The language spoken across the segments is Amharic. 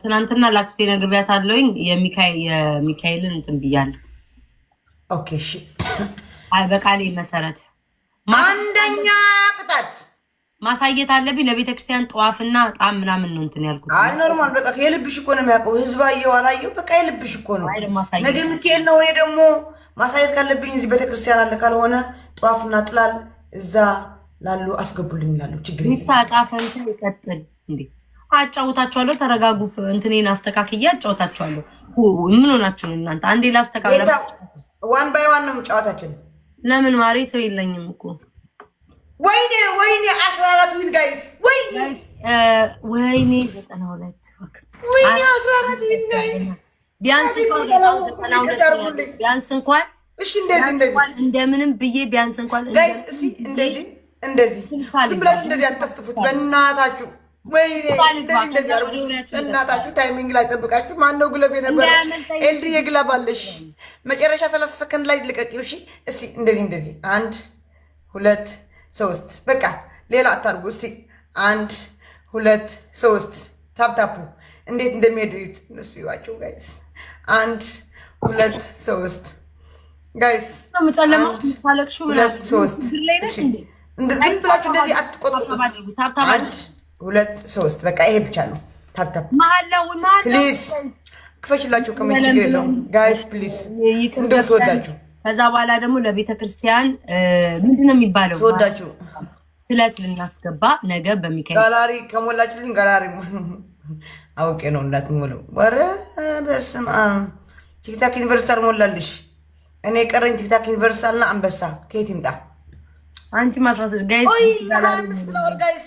ትናንትና ላክሴ ነግሪያት ላክስቴ የሚካኤልን እንትን ብያለሁ። ኦኬ እሺ፣ በቃሌ መሰረት አንደኛ ቅጣት ማሳየት አለብኝ ለቤተክርስቲያን ጠዋፍና ጣም ምናምን ነው እንትን ያልኩት። አይ ኖርማል፣ በቃ የልብሽ እኮ ነው የሚያውቀው ህዝብ። አየው አላየው፣ በቃ የልብሽ እኮ ነው ነገ የምትሄድ ነው። እኔ ደግሞ ማሳየት ካለብኝ እዚህ ቤተክርስቲያን አለ፣ ካልሆነ ጠዋፍና ጥላል እዛ ላሉ አስገቡልኝ ይላሉ። ችግር ሚታቃፈንትን ይቀጥል እንዴ አጫውታችኋለሁ። ተረጋጉ። እንትኔን አስተካክዬ አጫውታችኋለሁ። ምን ሆናችሁ ነው እናንተ? አንዴ ላስተካክለ። ዋን ባይ ዋን ነው ጨዋታችን። ለምን ማሪ ሰው የለኝም እኮ ወይኔ ወይኔ፣ አስራ አራት ዊን ጋይስ፣ ወይኔ ዘጠና ሁለት ወይኔ፣ አስራ አራት ዊን ጋይስ። ቢያንስ እንኳን ቢያንስ እንኳን እሺ፣ እንደዚህ እንደዚህ እንደምንም ብዬ ቢያንስ እንኳን ጋይስ፣ እስቲ እንደዚህ እንደዚህ ዝም ብላችሁ እንደዚህ አትጠፍጥፉት በእናታችሁ። ወይኔ እናታችሁ። ታይሚንግ ላይ ጠብቃችሁ ማነው ግለብ የነበረ ኤልድዬ ግለብ አለሽ። መጨረሻ ሰላሳ ሰከንድ ላይ ልቀቂው። እሺ እስቲ እንደዚህ እንደዚህ፣ አንድ ሁለት ሶስት። በቃ ሌላ አታርጉ። እስቲ አንድ ሁለት ሶስት። ታፕታፑ እንዴት እንደሚሄዱ እነሱ ይዋቸው ጋይስ። አንድ ሁለት ሶስት ጋይስ። ሁለት ሶስት። ዝም ብላችሁ እንደዚህ አትቆጥቁ። አንድ ሁለት ሶስት በቃ ይሄ ብቻ ነው። ታብታብ ፕሊዝ ክፈችላቸው ከምን ችግር የለውም ጋይስ ፕሊዝ እንደምትወዳችሁ ከዛ በኋላ ደግሞ ለቤተ ክርስቲያን ምንድን ነው የሚባለው ትወዳችሁ ስለት ልናስገባ ነገ በሚካኤል ጋላሪ ከሞላችልኝ ጋላሪ አውቄ ነው እንዳትሞለው። ኧረ በስመ አብ ቲክታክ ዩኒቨርሳል ሞላልሽ። እኔ የቀረኝ ቲክታክ ዩኒቨርሳልና አንበሳ ከየት ይምጣ አንቺ ማስራስ ጋይስ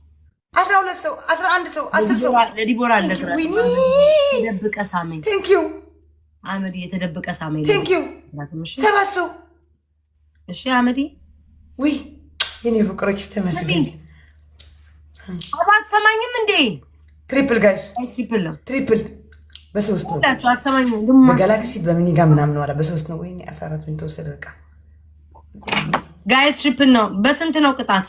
አስራ ሁለት ሰው አስራ አንድ ሰው አስር ሰው ለዲቦራ የተደበቀ ሳመኝ። ቴንክዩ አመዲ ሳመኝ። ሰባት ሰው እሺ አመዲ ውይ የኔ ፍቅሮች ተመስገን። አትሰማኝም እንዴ? ትሪፕል ጋይስ ትሪፕል በሶስት ነው በሚኒጋ ምናምን ዋላ በሶስት ነው። ወይኔ አስራ አራት ምን ተወሰደ። በቃ ጋይስ ነው። በስንት ነው ቅጣት?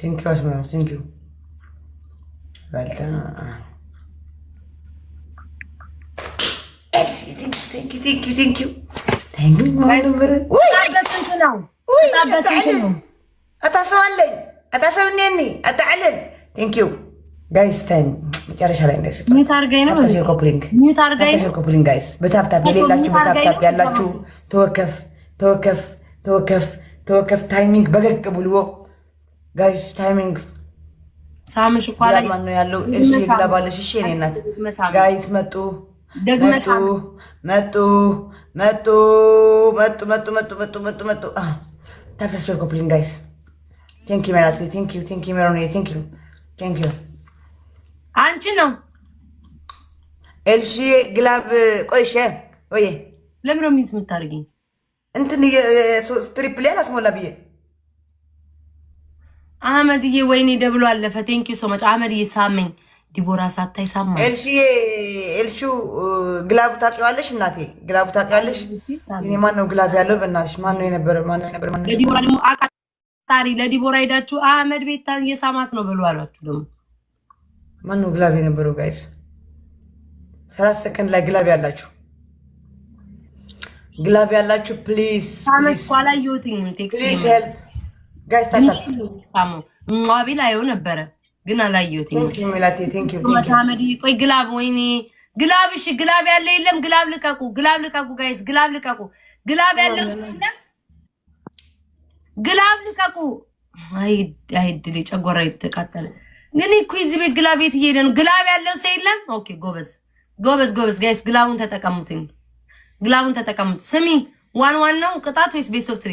ቴንኪ አስመራ ቴንኪ በልተና ተወከፍ ተወከፍ ተወከፍ ተወከፍ ታይሚንግ በገቅ ብልዎ ጋይስ ታይሚንግ ሳምሽ እኮ ላይ ማን ነው ያለው? እሺ ይግለባለሽ። እሺ እኔ እናት ጋይስ መጡ መጡ መጡ መጡ መጡ መጡ መጡ መጡ መጡ መጡ ታብታቸው ኮፕሊን ጋይስ ቴንክ ዩ ማለት ቴንክ ዩ ቴንክ ዩ ሜሮኒ ቴንክ ዩ ቴንክ ዩ አንቺ ነው ኤልሺ ግላብ ቆይሽ ወይ ለምን ነው የምታደርጊኝ እንትን ትሪፕል ያላስሞላ ብዬ አህመድዬ ወይኔ ደብሎ አለፈ። ቴንኪ ሶ መች አህመድዬ ሳመኝ። ዲቦራ ሳታይ ሳማ ኤልሽዬ ኤልሹ ግላቡ ታውቂዋለሽ? እናቴ ግላቡ ታውቂዋለሽ? ማን ነው ግላብ ያለው? በእናትሽ ማን ነው የነበረ? ማን ነው የነበረ? ማን ነው ለዲቦራ ደግሞ አቃጣሪ ለዲቦራ ሄዳችሁ አህመድ ቤታ የሳማት ነው ብሎ አሏችሁ። ደግሞ ማን ነው ግላብ የነበረው? ጋይስ ሰላሳ ሰከንድ ላይ ግላብ ያላችሁ ግላብ ያላችሁ ፕሊዝ ሳመት ኳላ ዮቲንግ ቴክስ ፕሊዝ ሄልፕ ጋይስ ላየው ነበረ ግን አላየሁት። ቆይ ግላብ፣ ወይኔ ግላብ፣ እሺ ግላብ ያለ የለም። ግላብ ልቀቁ፣ ግላብ ልቀቁ፣ ጋይስ ግላብ ልቀቁ፣ ግላብ ያለው ግላብ ልቀቁ። አይድል ጨጓራ የተቃጠለ ግን እኮ እዚህ ቤት ግላብ የት እየሄደ ነው? ግላብ ያለው ሰው የለም። ኦኬ ጎበዝ፣ ጎበዝ፣ ጎበዝ ጋይስ ግላቡን ተጠቀሙት፣ ግላቡን ተጠቀሙት። ስሚ ዋን ዋን ነው ቅጣት ወይስ ቤስት ኦፍ ትሪ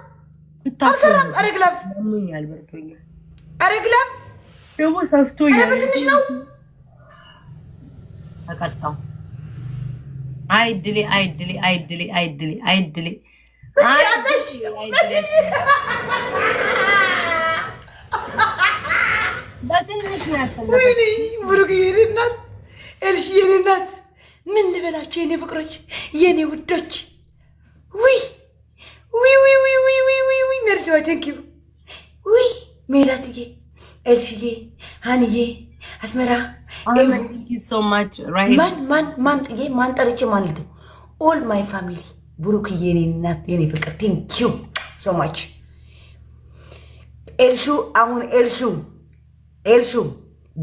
አልሰራም። ኧረ ግላብ ኧረ ደግሞ ሰፍቶኛል። በትንሽ ነው አይድሌ አይድሌ አይድሌ አይድሌ አይድሌ በትንሽ የኔ እናት ምን ልበላቸው የኔ ፍቅሮች፣ የኔ ውዶች ደርሰዋል። ቴንኪዩ ውይ ሜላትዬ፣ ኤልሽዬ፣ ሀንዬ፣ አስመራ ማን ማን ጥዬ ማን ጠርቼ ማለት ነው። ኦል ማይ ፋሚሊ ብሩክዬ፣ የኔ እናት፣ የኔ ፍቅር ቴንኪዩ ሶማች ማች ኤልሹ አሁን ኤልሹ ኤልሹ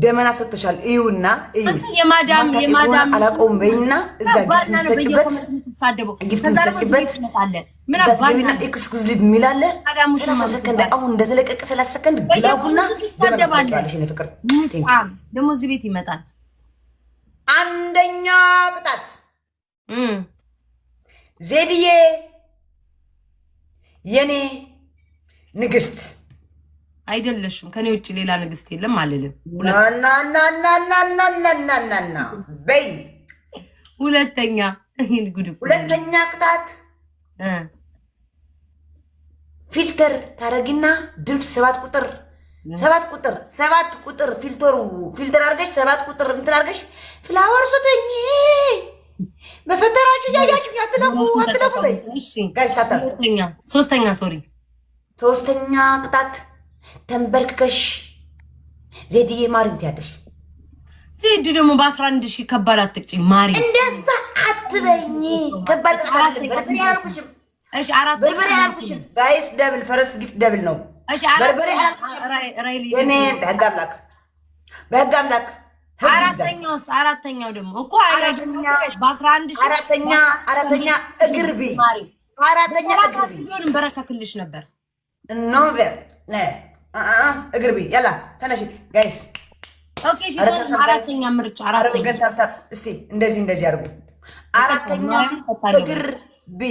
ደመና ሰጥተሻል። እዩና እዩ የማዳም የማዳም አላቆም በይና እዛ ጊፍት የምትሰጭበት ጊፍት ኤክስኩዝ የሚላለ ሰላሳ ሰከንድ አሁን እንደተለቀቀ ሰላሳ ሰከንድ ግላቡና ደመናለሽ። ፍቅር ደግሞ እዚህ ቤት ይመጣል። አንደኛ ቅጣት ዜድዬ የኔ ንግስት አይደለሽም። ከኔ ውጭ ሌላ ንግስት የለም አልልም። በይ ሁለተኛ ጉድ ሁለተኛ ቅጣት ፊልተር ታረጊና ድምፅ ሰባት ቁጥር ሰባት ቁጥር ሰባት ቁጥር ፊልተሩ ፊልተር አርገሽ ሰባት ቁጥር እንትን አርገሽ ፍላወር ሶተኝ በፈተራችሁ ያያችሁ አትለፉ አትለፉ። ሶስተኛ ሶስተኛ ሶሪ ሶስተኛ ቅጣት ተንበርክከሽ ዜድዬ ማሪን ትያለሽ። ዜድ ደግሞ በአስራ አንድ ሺህ ከባድ አትቅጭኝ ማሪ፣ እንደዛ አትበኝ። ከባድ ከባድ አልኩሽም። እሺ አራት በርበሬ አልኩሽም። ጋይስ ደብል ፈረስ ጊፍት ደብል ነው። እሺ በርበሬ አልኩሽም። በህግ አምላክ በህግ አምላክ አራተኛውስ አራተኛው ደግሞ እኮ በአስራ አንድ ሺህ አራተኛ አራተኛ እግር ቢ አራተኛ እግር ቢ በረከክልሽ ነበር ኖቨር እግር ቤ ያላ ተነሽ ጋይስ አራተኛ ምርጫ እንደዚህ እንደዚህ አድርጉ። አራተኛ እግር ቢ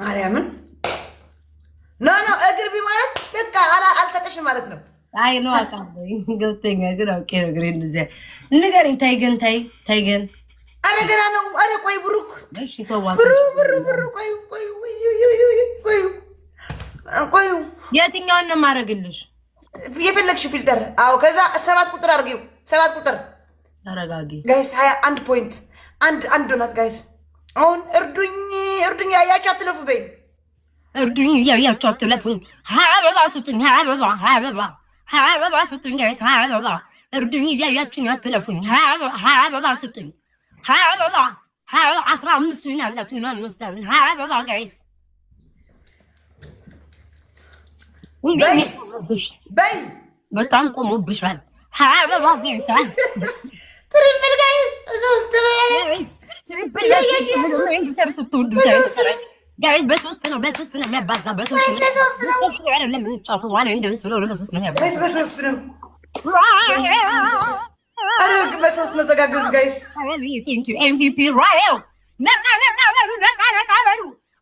ማርያምን ኖ ኖ እግር ቢ ማለት በቃ አልሰጠሽም ማለት ነው። አይ ነው ገብቶኛል፣ ግን አውቄ ነው እግሬ እንደዚያ ንገሪኝ። ተይ ግን ተይ ተይ ግን ኧረ ገና ነው። ኧረ ቆይ ብሩክ ብሩ ብሩ ብሩ ቆይ ቆይ ቆይ ቆዩ የትኛውን ነው የማደርግልሽ? የፈለግሽ ፊልተር። አዎ፣ ከዛ ሰባት ቁጥር አድርጊው። ሰባት ቁጥር ተረጋጊ። ጋይስ ሀያ አንድ ፖይንት አንድ አንድ ዶናት ጋይስ። አሁን እርዱኝ እርዱኝ፣ ያያችሁ አትለፉ በይ። እርዱኝ ያያችሁ አትለፉ። ሀያ ስጡኝ፣ ሀያ አበባ ሀያ ስጡኝ ጋይስ፣ ሀያ አበባ። እርዱኝ ያያችሁኝ አትለፉኝ፣ ሀያ እርዱኝ ያያችሁኝ አትለፉኝ ሀያ ስጡኝ ሀያ አስራ አምስት ሚና አላችሁ ሚና እንወስዳለን። ሀያ ጋይስ በይ በጣም ቆሞብሻል። በሶስት ነው በሶስት ነው የሚያባዛ በሶስት ነው ተጋገዙ ጋይስ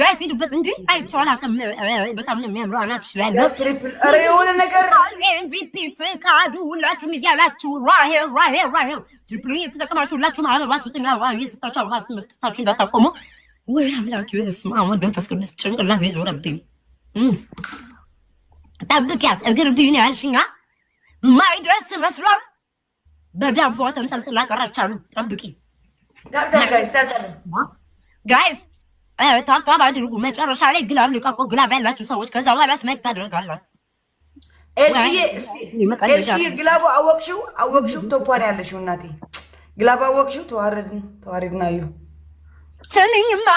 ጋይስ ሂዱበት እንጂ አይቼዋል። አቅም በጣም ነው የሚያምረው። አናት ይችላል። የሆነ ነገር ኤምቪፒ ፍቃዱ ሁላችሁም እያላችሁ ራሄል ራሄል ራሄል ትሪፕል የተጠቀማችሁ ሁላችሁም አበባ ስጡኝ የሰጣችሁ አበባ መስጠታችሁ እንዳታቆሙ። ወይ አምላክ ስማ፣ መንፈስ ቅዱስ ጭንቅላት የዞረብኝ። ጠብቂያት እግር ብዩን ያልሽኛ ማይደርስ መስሏት በዳቦ ተንጠልጥላ ቀራች አሉ። ጠብቂ ጋይስ ተባባሪ ድርጉ። መጨረሻ ላይ ግላብ ልቀቁ። ግላብ ያላችሁ ሰዎች ከዛ በኋላ ስመት ታደርጋላችሁ። ግላቡ አወቅሽው፣ አወቅሽው ያለሽው እናቴ ግላቡ አወቅሽው። ተዋረድን ተዋረድን። አዩ ስሚኝማ፣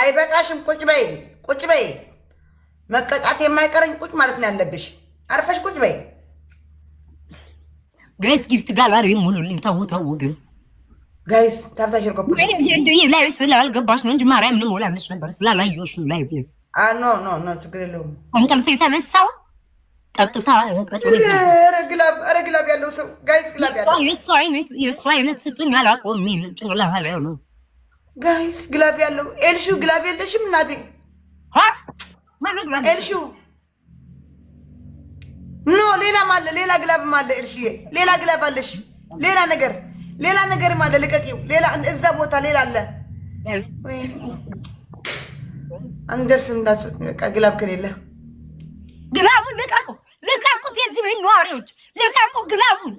አይበቃሽም? ቁጭ በይ ቁጭ በይ። መቀጣት የማይቀረኝ ቁጭ ማለት ነው ያለብሽ። አርፈሽ ቁጭ በይ። ግሬስ ጊፍት ሙሉልኝ። ተው ተው ግን ጋይስ ታብታሽር ላይ ነው ማርያም ምንም ወላነሽ ነበር ስላላየሁሽ ላይ ኖ ኖ ኖ ችግር የለውም። እንቅልፍ የተነሳው ጠጥታ ግላብ ያለው ሰው ጋይስ ነው ጋይስ ግላብ ያለው ኤልሹ ግላብ የለሽም እናቴ ኤልሹ ኖ ሌላም አለ ሌላ ግላብም አለ ኤልሹዬ ሌላ ግላብ አለሽ ሌላ ነገር ሌላ ነገርም አለ። ልቀቂው። ሌላ እዛ ቦታ ሌላ አለ። አንደርስም። ግላብ ከሌለ ግላቡን ልቀቁ፣ ልቀቁት። የዚህ ቤት ነዋሪዎች ልቀቁ ግላቡን።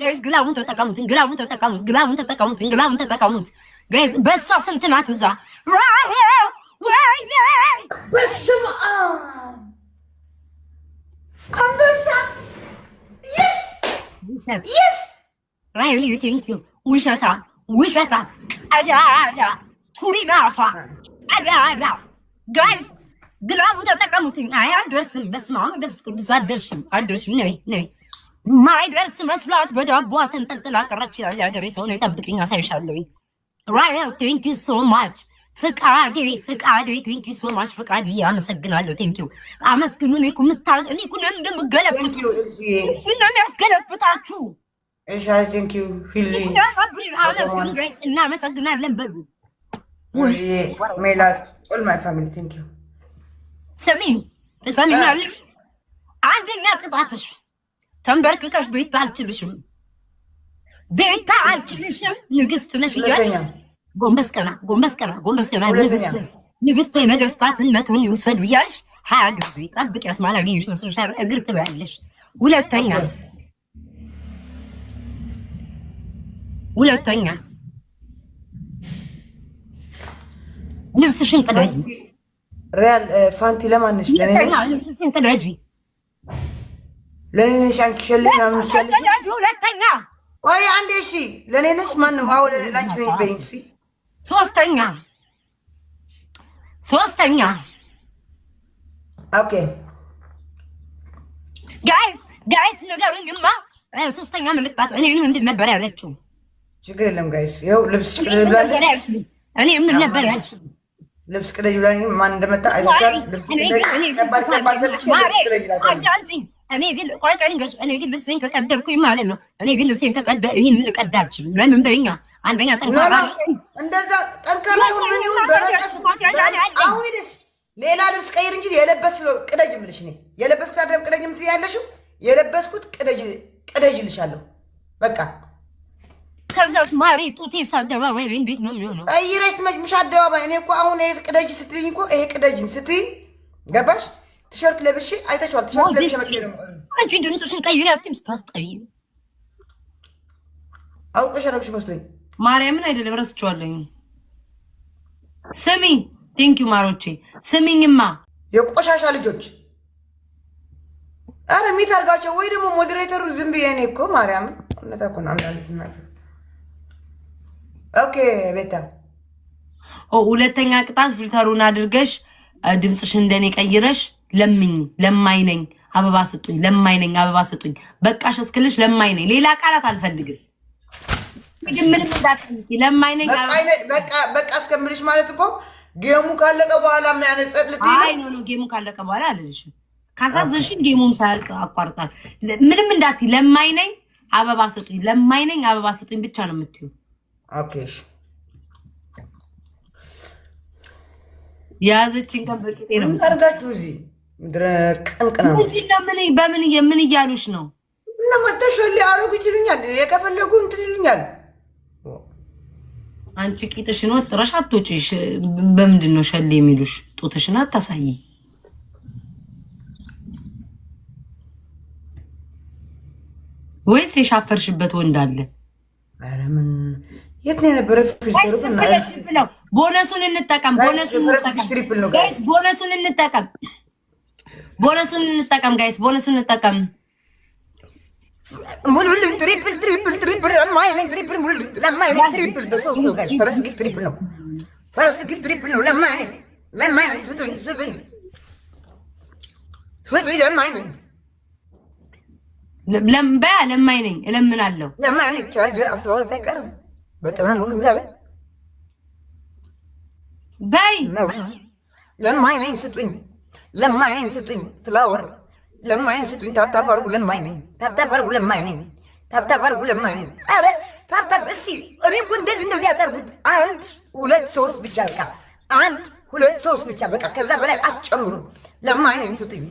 ጋይዝ ግላቡን ተጠቀሙት፣ ግላቡን ተጠቀሙት፣ ግላቡን ተጠቀሙት፣ ግላቡን ተጠቀሙት። ጋይዝ በእሷ ስንት ናት እዛ? ወይኔ 来绿丁丁，为啥干？为啥干？哎呀哎呀，土里面花，哎呀哎呀，guys，ግላቡ ተጠቀሙትኝ። አይ አልደርስም፣ በስመ አብ ቅዱስ ቅዱስ አልደርስም፣ አልደርስም። ነይ ነይ ማይደርስ መስሏት በዳቧ ተንጠልጥላ ቀረች። ይላል ያገሬ ሰው። ነው ጠብቅኝ፣ አሳይሻለሁ። ራይል ቴንክ ዩ ሶ ማች ፍቃዴ ፍቃዴ ቴንክ ዩ ሶ ማች ፍቃዴ፣ አመሰግናለሁ። ቴንክ ዩ አመስግኑ። እኔ እኮ የምታል እኔ እኮ ለምንድን የምገለፍጥ ነው የሚያስገለፍጣችሁ እናመሰግናለን። ሜላት ኦል ማይ ፋሚሊ ቲንክ አንደኛ ቅጣትሽ ተንበርክከሽ ቤታ አልችልሽም፣ ቤታ አልችልሽም፣ ንግስት ነሽ እያልሽ ጎንበስ ቀና፣ ጎንበስ ቀና፣ ጎንበስ ቀና፣ ንግስት ወይ ነገስታትነቱን ይውሰዱ እያልሽ ሀያ ጊዜ ጠብቂያት። ማለት እግር ትበያለሽ። ሁለተኛ ሁለተኛ ልብስሽን ቅደጂ። ሪያል ፋንቲ ለማንሽ ልብስሽን ቅደጂ። ለኔ ነሽ አንኪሸልሽ ሁለተኛ ቆይ አንዴ እሺ፣ ለኔ ነሽ ማንም አዎ፣ ለሌላች ነኝ በይኝ። እሺ ሶስተኛ ሶስተኛ ኦኬ ጋይስ ጋይስ ነገሩኝማ ሶስተኛ ምልጣት እኔ ምንድን ነበር ያለችው? ችግር የለም ጋይስ። ይኸው ልብስ ቅደድ ብላለች። ምን ነበር ያልሽ? ልብስ ቅደድ ብላለች። ማን እንደመጣ አይታል። ልብስ ከቀደድኩኝ ማለት ነው። እኔ ግን ልብሴን ከቀደ ልቀዳ አልችልም። ለምን በኛ አንደኛ ጠንካራ እንደዛ ጠንካራ ምን ይሁን በረቀስ አሁን ሌላ ልብስ ቀይር እንጂ ቅደጅ እኔ የለበስኩት አይደለም ቅደጅ ያለሽው የለበስኩት ቅደጅ ቅደጅ በቃ እስከዛች ማሬ ጡቴ ሳደባባይ እንዴት ነው የሚሆነው? እይረች መጅሙሽ አደባባይ እኔ እኮ አሁን ይሄ ቅደጅ ስትይኝ እኮ ይሄ ቅደጅን ስትይ ገባሽ? ቲሸርት ለብሼ አይተሽዋል። ቲሸርት ለብሼ መጥቼ ነው አንቺ ድምፅሽን ቀይሪ አትይም ስታስጠይ አውቀሽ ረብሽ መስሎኝ ማርያምን አይደለም ረስቼዋለሁ። ስሚ ቴንክ ዩ ማሮቼ፣ ስሚኝማ የቆሻሻ ልጆች አረ ሚት ወይ ደግሞ ሞዴሬተሩ ዝም ብዬ እኔ እኮ ማርያምን እውነት እኮ ነው አንዳንድ ኦኬ ቤታ ሁለተኛ ቅጣት ፊልተሩን አድርገሽ ድምፅሽ እንደኔ ቀይረሽ ለምኝ ለማይነኝ አበባ ስጡኝ ለማይነኝ አበባ ስጡኝ በቃሽ እስክልሽ ለማይነኝ ሌላ ቃላት አልፈልግም በቃ እስከምልሽ ማለት እኮ ጌሙ ካለቀ በኋላ የሚያነጸት ልት ጌሙ ካለቀ በኋላ አልልሽም ካሳዘንሽን ጌሙም ሳያልቅ አቋርጣል ምንም እንዳትዪ ለማይነኝ አበባ ስጡኝ ለማይነኝ አበባ ስጡኝ ብቻ ነው የምትዩ አኬሽ የያዘችን ቀን በቂጤ ነው አድርጋችሁ እዚህ በምን የምን እያሉሽ ነው? እና መተሽ ይችሉኛል የከፈለጉ እንትን ይሉኛል። አንቺ ቂጥሽን ወጥረሽ አትወጪሽ። በምንድን ነው ሸሌ የሚሉሽ? ጡትሽን አታሳይ። ወይስ የሻፈርሽበት ወንድ አለ? ኧረ ምን የት ነው የነበረ? ቦነሱን እንጠቀም፣ ቦነሱን እንጠቀም፣ ቦነሱን እንጠቀም ጋይስ፣ ቦነሱን እንጠቀም። ሙሉልን ትሪፕል ትሪፕል ትሪፕል ለማይለኝ ትሪፕል ሙሉልን ለማይለኝ ትሪፕል ፈረስ ግፍ ትሪፕል ነው፣ ፈረስ ግፍ ትሪፕል ነው። ለማይለኝ ለማይለኝ ስጡኝ፣ ስጡኝ፣ ስጡኝ ለማይለኝ ለምባ ለማይለኝ እለምናለሁ ለማይለኝ ቻርጀር አስራ ሁለት አይቀርም በጥና ነው እግዚአብሔር ለማይ ነኝ ስጡኝ፣ ለማይ ነኝ ስጡኝ፣ ፍላወር ለማይ ነኝ ስጡኝ። ታብታብ አድርጉ ነኝ፣ ታብታብ አድርጉ ነኝ፣ ታብታብ አድርጉ ነኝ። ኧረ ታብታብ እስቲ እኔ እኮ እንደዚህ እንደዚህ ያደርጉት አንድ ሁለት ሶስት ብቻ በቃ አንድ ሁለት ሶስት ብቻ በቃ፣ ከዛ በላይ አትጨምሩ። ለማይ ነኝ ስጡኝ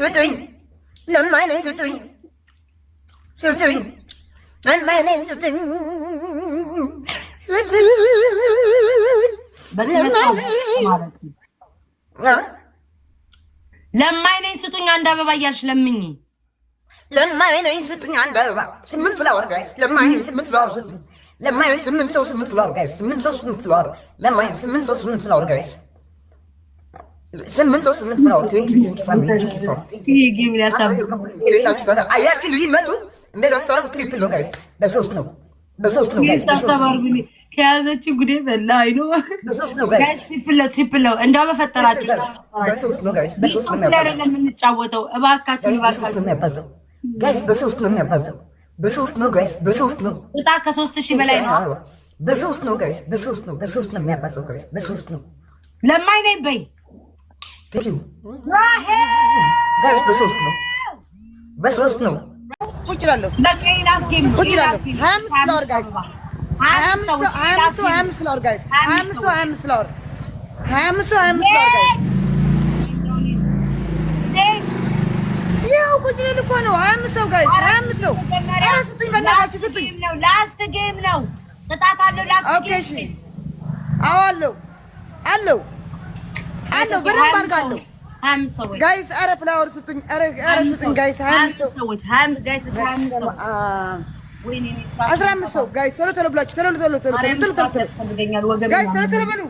ስጡኝ ለማይ ነኝ ስጡኝ፣ ስጡኝ ስጡኝ ለማይ ነኝ ስጡኝ አንድ አበባ እያልሽ ለምኝ። ለማይ ስጡኝ አንድ አበባ ስምንት ፍላወር ጋይስ። ለማይ ስምንት ፍላወር ስጡኝ። ለማይ ስምንት ሰው ስምንት ፍላወር ጋይስ። ስምንት ሰው ስምንት ፍላወር። ለማይ ስምንት ሰው ስምንት ፍላወር ጋይስ። ስምንት ሰው ስምንት ፍላወር። ቴንኪ ቴንኪ ፋሚሊ ቴንኪ ፋሚሊ ይመጡ እንደዛ ትሪፕል ነው ጋይስ። በሶስት ነው በሶስት ነው ጉዴ በላ አይኖ ትሪፕል ነው በፈጠራችሁ የምንጫወተው። እባካችሁ በሶስት ነው በሶስት ነው ጋይስ። በሶስት ነው ከሶስት ሺህ በላይ ነው። በሶስት ነው ጋይስ። በሶስት ነው በሶስት ነው ጋይስ። በሶስት ነው ለማይ ነኝ በይ ጋይስ። በሶስት ነው በሶስት ነው ቁጭ እላለሁ ቁጭ እላለሁ። ሀያ አምስት ፍላወር ጋይስ፣ ሀያ አምስት ሀያ አምስት ፍላወር ጋይስ፣ ሀያ አምስት ሰው ሀያ አምስት ፍላወር፣ ያው ቁጭ ልል እኮ ነው። ሀያ አምስት ሰው ጋይስ፣ ሀያ አምስት ሰው። ኧረ ስጡኝ በእናትህ ስጡኝ። ላስት ጌም ነው ቅጣት አለው። ላስት ጌም አዎ፣ አለው አለው አለው። በደንብ አድርጋለሁ ጋይስ ኧረ ፍላወር ስጡኝ፣ ኧረ ስጡኝ ጋይስ። ሀያ አምስት ሰው አስራ አምስት ሰው ጋይስ፣ ቶሎ ቶሎ ብላችሁ ቶሎ ቶሎ ቶሎ ቶሎ ቶሎ ጋይስ፣ ቶሎ ቶሎ በሉ።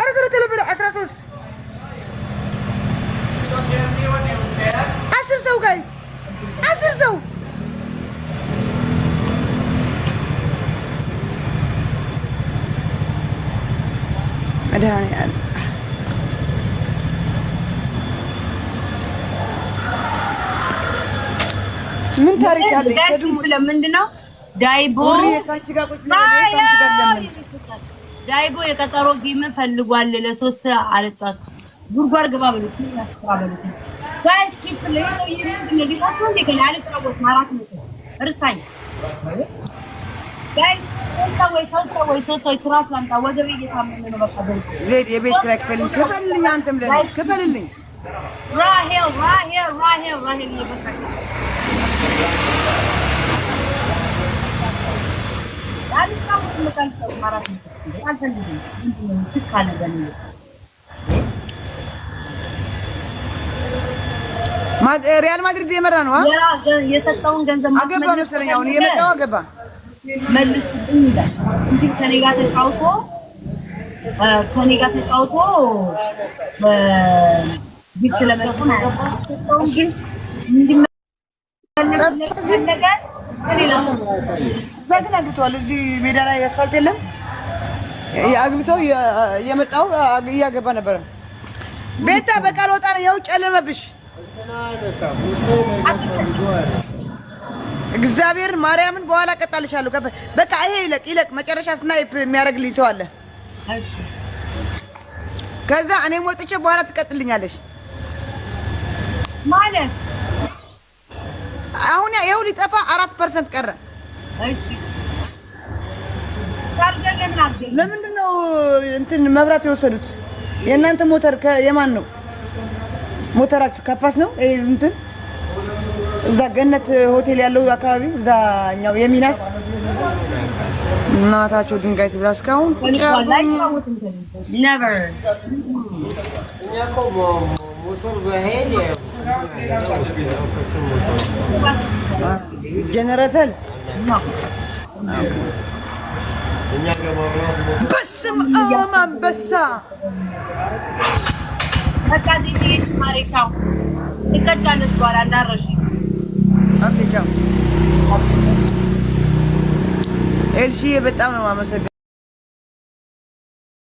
ኧረ ቶሎ ቶሎ በሉ። አስራ ሦስት አስር ሰው ጋይስ፣ አስር ሰው መድኃኒዓለም ምን ታሪክ አለኝ? ምንድን ነው ዳይቦ ዳይቦ የቀጠሮ ጌም ፈልጓል። ለሶስት አለጫት ጉርጓር ግባ ብሎ ሲል ሪያል ማድሪድ የመራ ነው የሰጠውን ገንዘብ አገባ መሰለኝ። አሁን የመጣው አገባ መልሱልኝ ይላል እንጂ ከኔ ጋር ተጫውቶ ከኔ ጋር ተጫውቶ ጊፍት ለመልኩ ነው ግን አግብተዋል። እዚህ ሜዳ ላይ አስፋልት የለም። አግብተው የመጣው እያገባ ነበረ። ቤታ በቃ ልወጣ ነው። ያው ጨለመብሽ። እግዚአብሔር ማርያምን በኋላ እቀጣልሻለሁ። በቃ ይሄ ይለቅ ይለቅ። መጨረሻ ስናይፕ የሚያደርግልኝ ሰው አለ። ከዛ እኔም ወጥቼ በኋላ ትቀጥልኛለሽ ማለት አሁን ይኸው ሊጠፋ አራት ፐርሰንት ቀረ። ለምንድን ነው እንትን መብራት የወሰዱት? የእናንተ ሞተር የማን ነው? ሞተራችሁ ካፓስ ነው? እንትን እዛ ገነት ሆቴል ያለው አካባቢ እዛኛው የሚናስ እናታቸው ድንጋይ ትብላ። እስካሁን ጀነረተል በስም አም አንበሳ በቃ ዜሽ ማሬቻው ትቀጫለች። በኋላ እንዳረሽ ኤልሺዬ በጣም ነው የማመሰግነው።